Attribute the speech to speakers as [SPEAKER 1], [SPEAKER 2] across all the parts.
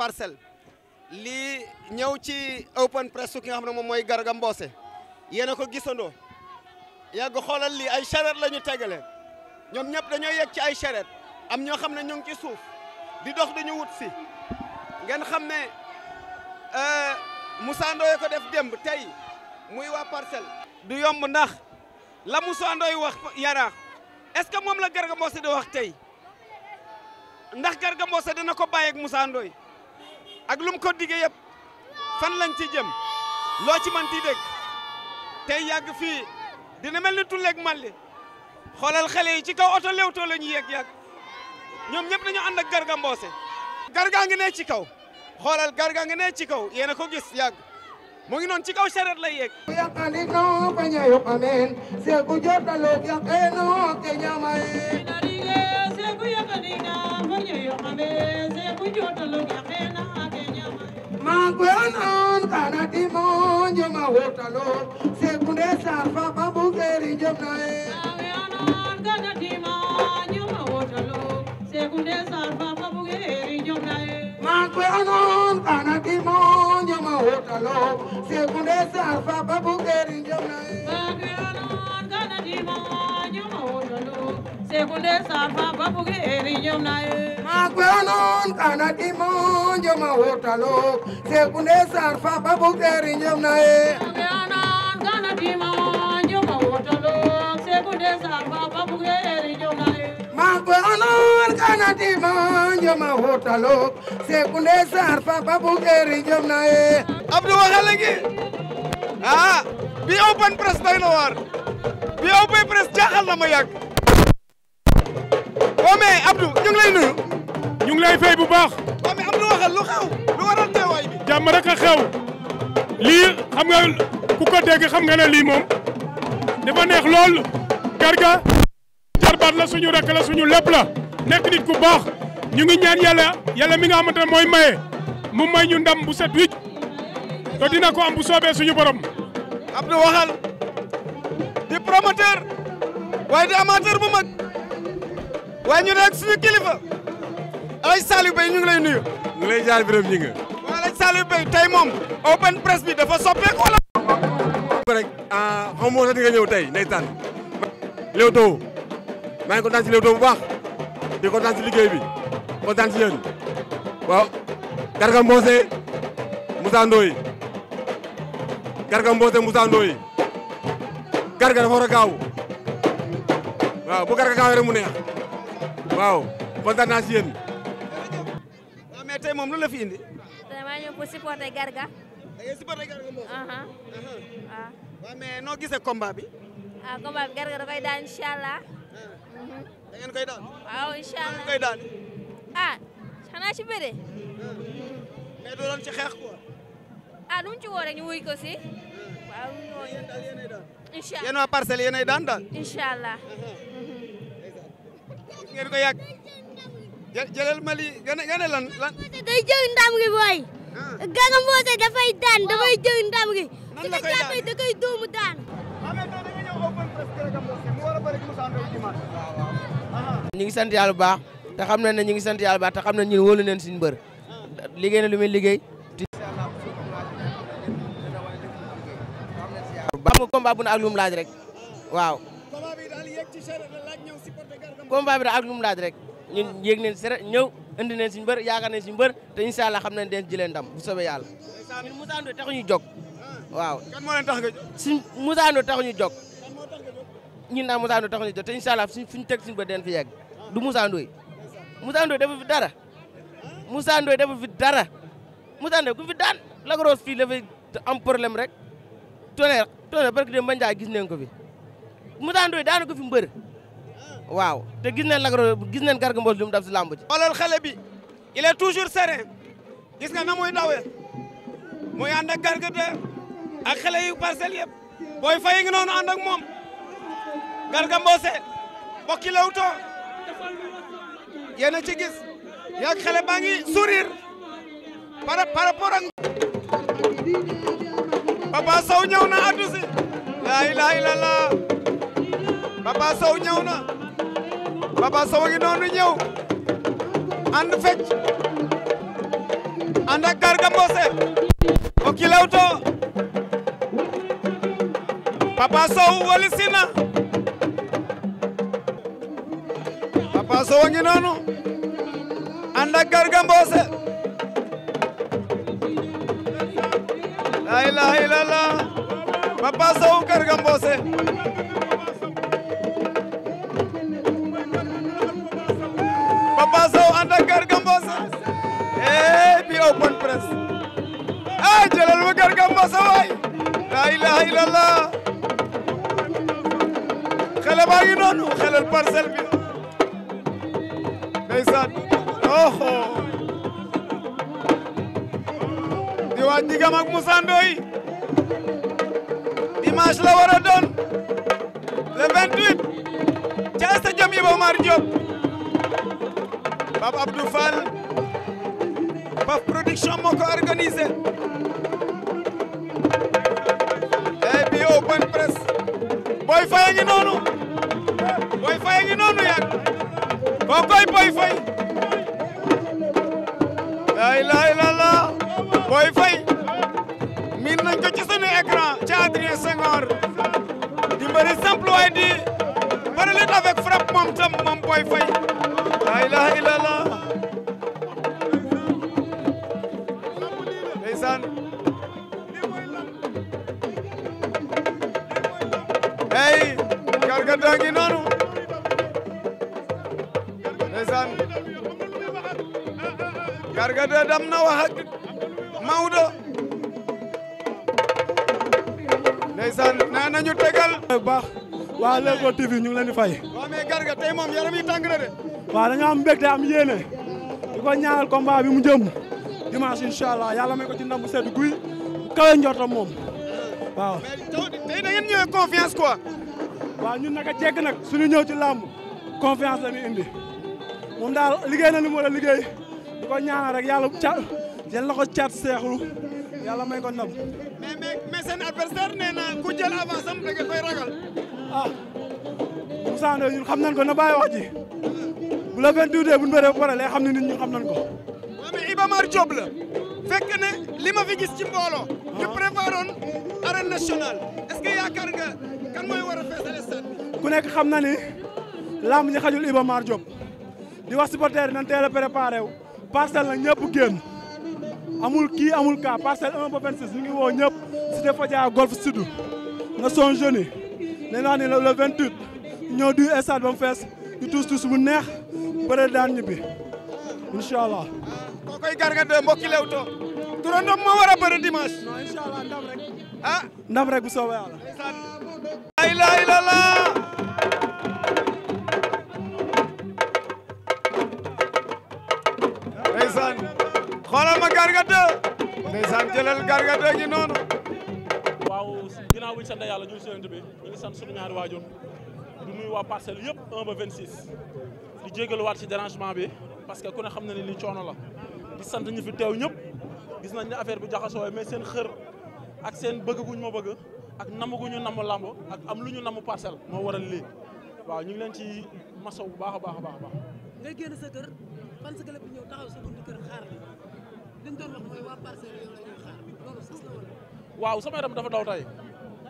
[SPEAKER 1] parcelle lii ñëw ci open press ki nga xam ne moom mooy Garga Mbossé yéen a ko gisandoo yàgg xoolal lii ay charrette la ñu tegale ñoom ñëpp dañoo yegg ci ay charrette am ñoo xam ne ñu ngi ci suuf di dox duñu wut si ngeen xam ne euh, Moussa Ndoye ko def démb tey muy waa parcelle. du yomb ndax la Moussa Ndoye wax yaraax est-ce que moom la Garga Mbossé di wax tey ndax Garga Mbossé dina ko bàyyeeg Moussa ak lu ko diggee yëpp fan lañ ci jëm loo ci mën ti dégg tey yàgg fii dina mel ni tulleeg malli xoolal xale yi ci kaw oto Leewtoo la ñuy yegg yàgg ñoom ñëpp dañu ànd ak Garga Mbossé ne ci kaw xoolal Garga ngi ne ci kaw yéena ko gis yàgg mu ngi noonu ci kaw sareet lay yegg yaqali no baña yoqamen segu jotalo yaqeno ke ñamay segu yaqali na baña yoqamen segu jotalo yaqeno mangwen an tanati monjo ma wotalo sekunde sarfa babugeri jomnae mangwen an tanati monjo ma wotalo sekunde sarfa babugeri jomnae mangwen an tanati monjo ma wotalo sekunde sarfa babugeri jomnae mangwen an tanati monjo ma wotalo sekunde sarfa babugeri jomnae mangwen am kana dimo njoma wotalo se e. e. na e kana dimo njoma gi ah bi open press doy na waar bi open press jaaxal na ma yàgg waaw mais Abdou ñu ngi lay
[SPEAKER 2] nuyu ñu ngi lay fay bu baax. waaw mais na waxal lu xew a xew lii xam nga ku ko xam nga ne lii moom dafa neex lool garga jarbaat la suñu rek la suñu lépp la nekk nit ku baax ñu ngi ñaan yàlla yàlla mi nga xamante ne mooy maye mu may ñu ndam bu set wicc
[SPEAKER 1] te dina ko am bu soobee suñu borom. Abdou waxal di promoteur waaye di amateur bu mag waaye ñu nekk suñu kilifa. Alaaji Saliou Bey ñu ngi lay nuyu. ñu ngi lay jaar biram ñi nga. waaw Alaaji Saliou Bey tey moom open press bi dafa soppeeku wala. rek ah, xam moo sax di nga ñëw tey ndeysaan. Leewtoo maa ngi kontaan si Leewtoo bu baax di kontaan si liggéey bi kontaan si yéen waaw Garga Mbossé Moussa Ndoye Garga Mbossé Moussa Ndoye Garga dafa war a gaaw waaw bu Garga gaawee rek mu neex waaw kontaan naa si yéen mais tey moom lu la fi indi. dama ñëw pour supporter Garga. da ngay supporter noo gisee combat bi. ah combat bi Garga da koy daan incha allah. Mhm. da ngeen koy daan. ah xanaa ci bëre. Hmm. mais du ci xeex quoi. ah nu mu ci woo ñu wuy ko si. Hmm. waaw ñu woo yéen daal yéenay daan. incha waa parcelle yéenay daan daal. incha allah. Mhm. ko yàgg. jë jëlal Mali gane gane lan ah. dafay daan ah. dafay jël ndam gi. nan la koy daan da koy daan. Ah, ñu ngi sant yàlla baax te xam nañ ne ñu ngi sant yàlla bu baax te xam nañ ñun wóolu nañ suñu mbër liggéey na lu muy liggéey. baax nga combat bu ne ak lu mu laaj rek waaw. ba bi daal ak lu mu laaj rek. ñu yéeg nañ sere ñëw indi nañ suñu mbër yaakaar nañ suñu mbër te incha allah xam nañ den jëlee ndam bu soobee yàlla. ñun Moussa Ndoye taxuñu jóg ah. waaw. kan moo leen tax nga jóg suñ Moussa Ndoye taxuñu jóg ñun daal Moussa Ndoye taxuñu jóg te incha allah suñ fuñu teg suñu bët den fi yegg du Moussa Ndoye. Moussa Ndoye dara Moussa Ndoye dafa fi dara Moussa Ndoye ku fi daan lagros fii dafa am problème rek tonnerre tonnerre barke de Mbanjaay gis nañ ko fi Moussa Ndoye daana ko fi mbër waaw te gis nañ Lac gis nañ Garga Mbossé lu mu def si làmb ji xoolal xale bi il est toujours gis nga na muy dawee muy ànd ak ak xale yu parcelles yëpp booy fay ngi noonu ànd ak moom Garga ci gis yaag xale baa ngi sourire par rapport ak Papa na addu si laa ilaaha illallaah Papa Sow na Papa Sow ngi noonu ñëw ànd fecc ànd ak Garga Mbossé mbokki Leewtoo Papa Sow wali sina Papa Sow ngi noonu ànd ak Garga Mbossé la ilaha illallah Papa Sow Garga ma sa waay la ilaha illallah xale baa ngi noonu xelal parcelle bi ndeysaan oho di waaj digam ak Moussa Ndoye dimanche la war a doon le 28 Iba Mar Diop Pape Abdou Fall Paf Production moo ko fay ngi noonu boy fay ngi noonu yàgg koo koy boy fay laa ilaaha illallaah boy fay miin di mbëri simple waaye di bëri leen avec frappe moom tam moom boy fay gargaa ngi noonu ndeysaan garga de dam na wax
[SPEAKER 2] ak na nañu tegal baax waa Leewtoo TV ñu ngi fay waaw garga tey
[SPEAKER 1] moom yaram yi tàng na de
[SPEAKER 2] waaw dañoo am mbégte am yéene di ko ñaanal combat mu jëm dimanche incha allah may ko ci ndam bu sedd guy kawe njortam moom waaw mais tey da ngeen ñëwee confiance waaw ñun naka jekk nag suñu ñëw ci làmb confiance la ñu indi moom daal liggéey na li mu war a liggéey di ko ñaanal rek yàlla ca jël la ko caat seexlu yàlla may
[SPEAKER 1] ko ndam. mais mais mais seen adversaire nee na ku jël avance am da nga koy ragal. ah
[SPEAKER 2] Moussa Ndoye ñun xam nañ ko na bàyyi wax ji bu la 28 dee bu ñu bëree ba pare xam ne nit ñi xam nañ ko. waaw mais Iba Mar Diop la ne li fi gis ci mbooloo. ñu ah. préparoon arène nationale est-ce que
[SPEAKER 1] nga kan mooy war a feesale
[SPEAKER 2] ku nekk xam na ni làmb ñi xajul Iba di wax supporter nan teel a préparé wu parcelle nag ñëpp amul kii amul kaa parcelle 1 ba 26 ñu ngi woo ñëpp cité Fadia golf sud na son jeune yi nee naa ne le 28 ñëw du stade ba mu fees ñu tuus tuus bu neex bëre daan ñibbi incha allah. koo koy Garga 2 mbokki Leewtoo. turandoo moo war a bëri dimanche. non incha allah ndam rek. ah ndam rek bu soobee yàlla. la ilaha
[SPEAKER 1] xoolal ma Garga 2 ndeysaan jëlal Garga
[SPEAKER 3] 2 gi noonu waaw ginnaaw bu ñu sant yàlla jul sinant bi ñu ngi sant suñu ñaari waajur du nuyu waa parcelle yëpp 1 ba 26 di jégaluwaat ci dérangement bi parce que ku ne xam na ne li coono la di sant ñu fi teew ñëpp gis nañ ne affaire bi jaxasoo mais seen xër ak seen bëgg guñ ma bëgg ak namm gu ñu namm làmb ak am lu ñu namm parcelle moo waral lii waaw ñu ngi leen ci masaw bu baax a baax a baax génn sa kër
[SPEAKER 2] fan bi ñëw taxaw sa buntu kër xaar
[SPEAKER 3] waaw sama yaram dafa daw tey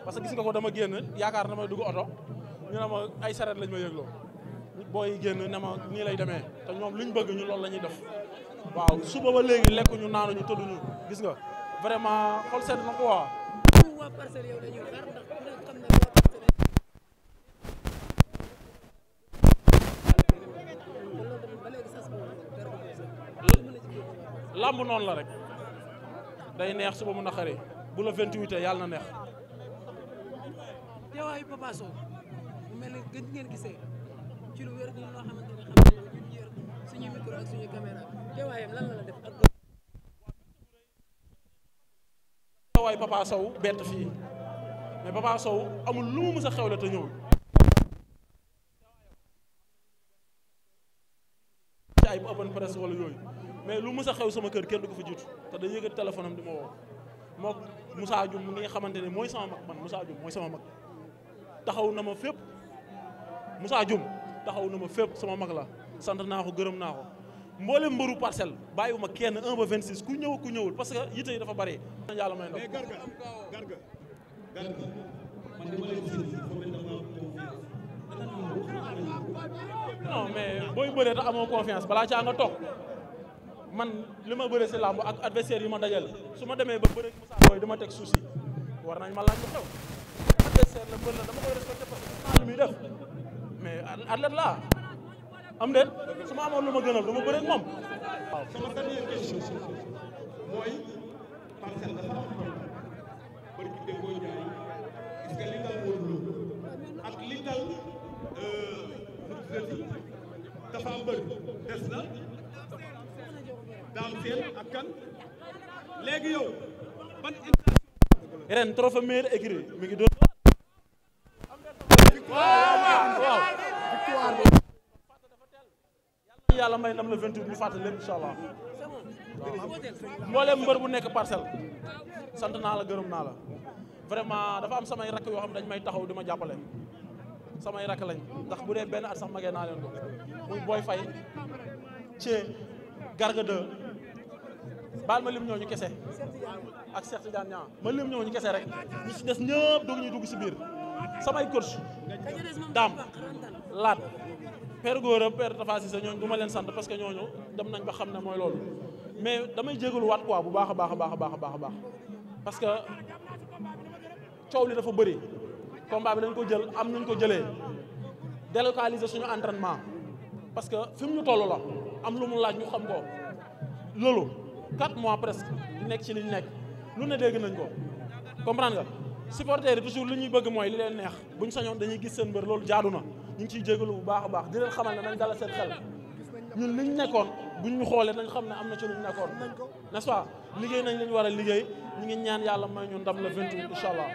[SPEAKER 3] parce que gis nga ko dama génn yaakaar na may dugg oto ñu ne ma ay sareet lañ ma yëgloo booy génn na ma nii lay demee te ñoom luñ bëgg ñu loolu la ñuy def waaw suba ba léegi lekkuñu naanuñu tëdduñu gis nga vraiment xol sedd na ko waa làmb noonu la rek day neex suba mu naqari bu la 28 yàlla na neex.
[SPEAKER 1] teewaayu Papa Sow mu mel ni gën ngeen gisee ci lu wér gu loo xamante ne xam nañ ñu yor suñu micro
[SPEAKER 3] ak suñu caméra teewaayam lan la la def ak. teewaayu Papa Sow bett fii mais Papa Sow amul lu mu mës a xewle te ñëwul. ay open press wala yooyu. mais lu Moussa xew sama kër kenn du ko fa jiitu te day yëkkati téléphone am di ma woo mook Moussa Dioum mu ngi xamante ne mooy sama mag man Moussa Dioum mooy sama mag taxaw na ma fépp Moussa Dioum taxaw na ma fépp sama mag la sant naa ko gërëm naa ko mboolem mbëru parcelle bàyyiwuma kenn 1 ba 26 ku ñëw ku ñëwul parce que yite dafa bari. yàlla may ndox mais garga garga garga man dama lay gis booy bëree te confiance balaa caa nga toog. man li ma bëre si làmb ak adversaire yi ma dajal su ma demee ba bëre Moussa Boye dama teg suusi war nañ ma laaj lu xew adversaire la mbër la dama muy def mais athlète laa am déet su ma amoon lu ma gënal du ma bëre ak moom
[SPEAKER 2] waaw sama dernière question mooy parcelle dafa daaw seen ak kan léegi yow
[SPEAKER 3] ban intention ren trophée meilleur écurie mi ngi doon waaw yàlla may ndam la 28 ñu fàttali lépp incha allah mbooleem mbër bu nekk parcelle sant naa la gërëm naa la vraiment dafa am samay rakk yoo xam ne dañ may taxaw di ma jàppale samay rakk lañ ndax bu dee benn at sax magee naa leen ko muy Boy Faye Thié Garga baal ma ñoo ñu kese ak Cheikh Tidiane Niang ma lim ñooñu kese rek ñu si des doo dugg ñu dugg si biir samay coach daam laat père Gora père Tafa Cissé ñooñu du ma leen sant parce que ñooñu dem nañ ba xam ne mooy loolu mais damay jégalu waat quoi bu baax a baax a baax a baax a baax parce que coow li dafa bëri combat bi dañ ko jël am nañ ko jëlee délocaliser su entraînement parce que fi mu ñu toll la am lu mu laaj ñu xam ko loolu quatre mois presque di nekk ci li ñu nekk lu ne dégg nañ ko comprendre nga supporters yi toujours li ñuy bëgg mooy li leen neex bu ñu sañoon dañuy gis seen mbër loolu jaadu na ñu ngi ciy jégalu bu baax a baax di leen xamal ne nañ dala seen xel ñun li ñu nekkoon buñ ñu xoolee nañ xam ne am na ci lu nekkoon n'est-ce pas liggéey nañ li ñu war a liggéey ñu ngi ñaan yàlla may ñu ndam la 28 incha allah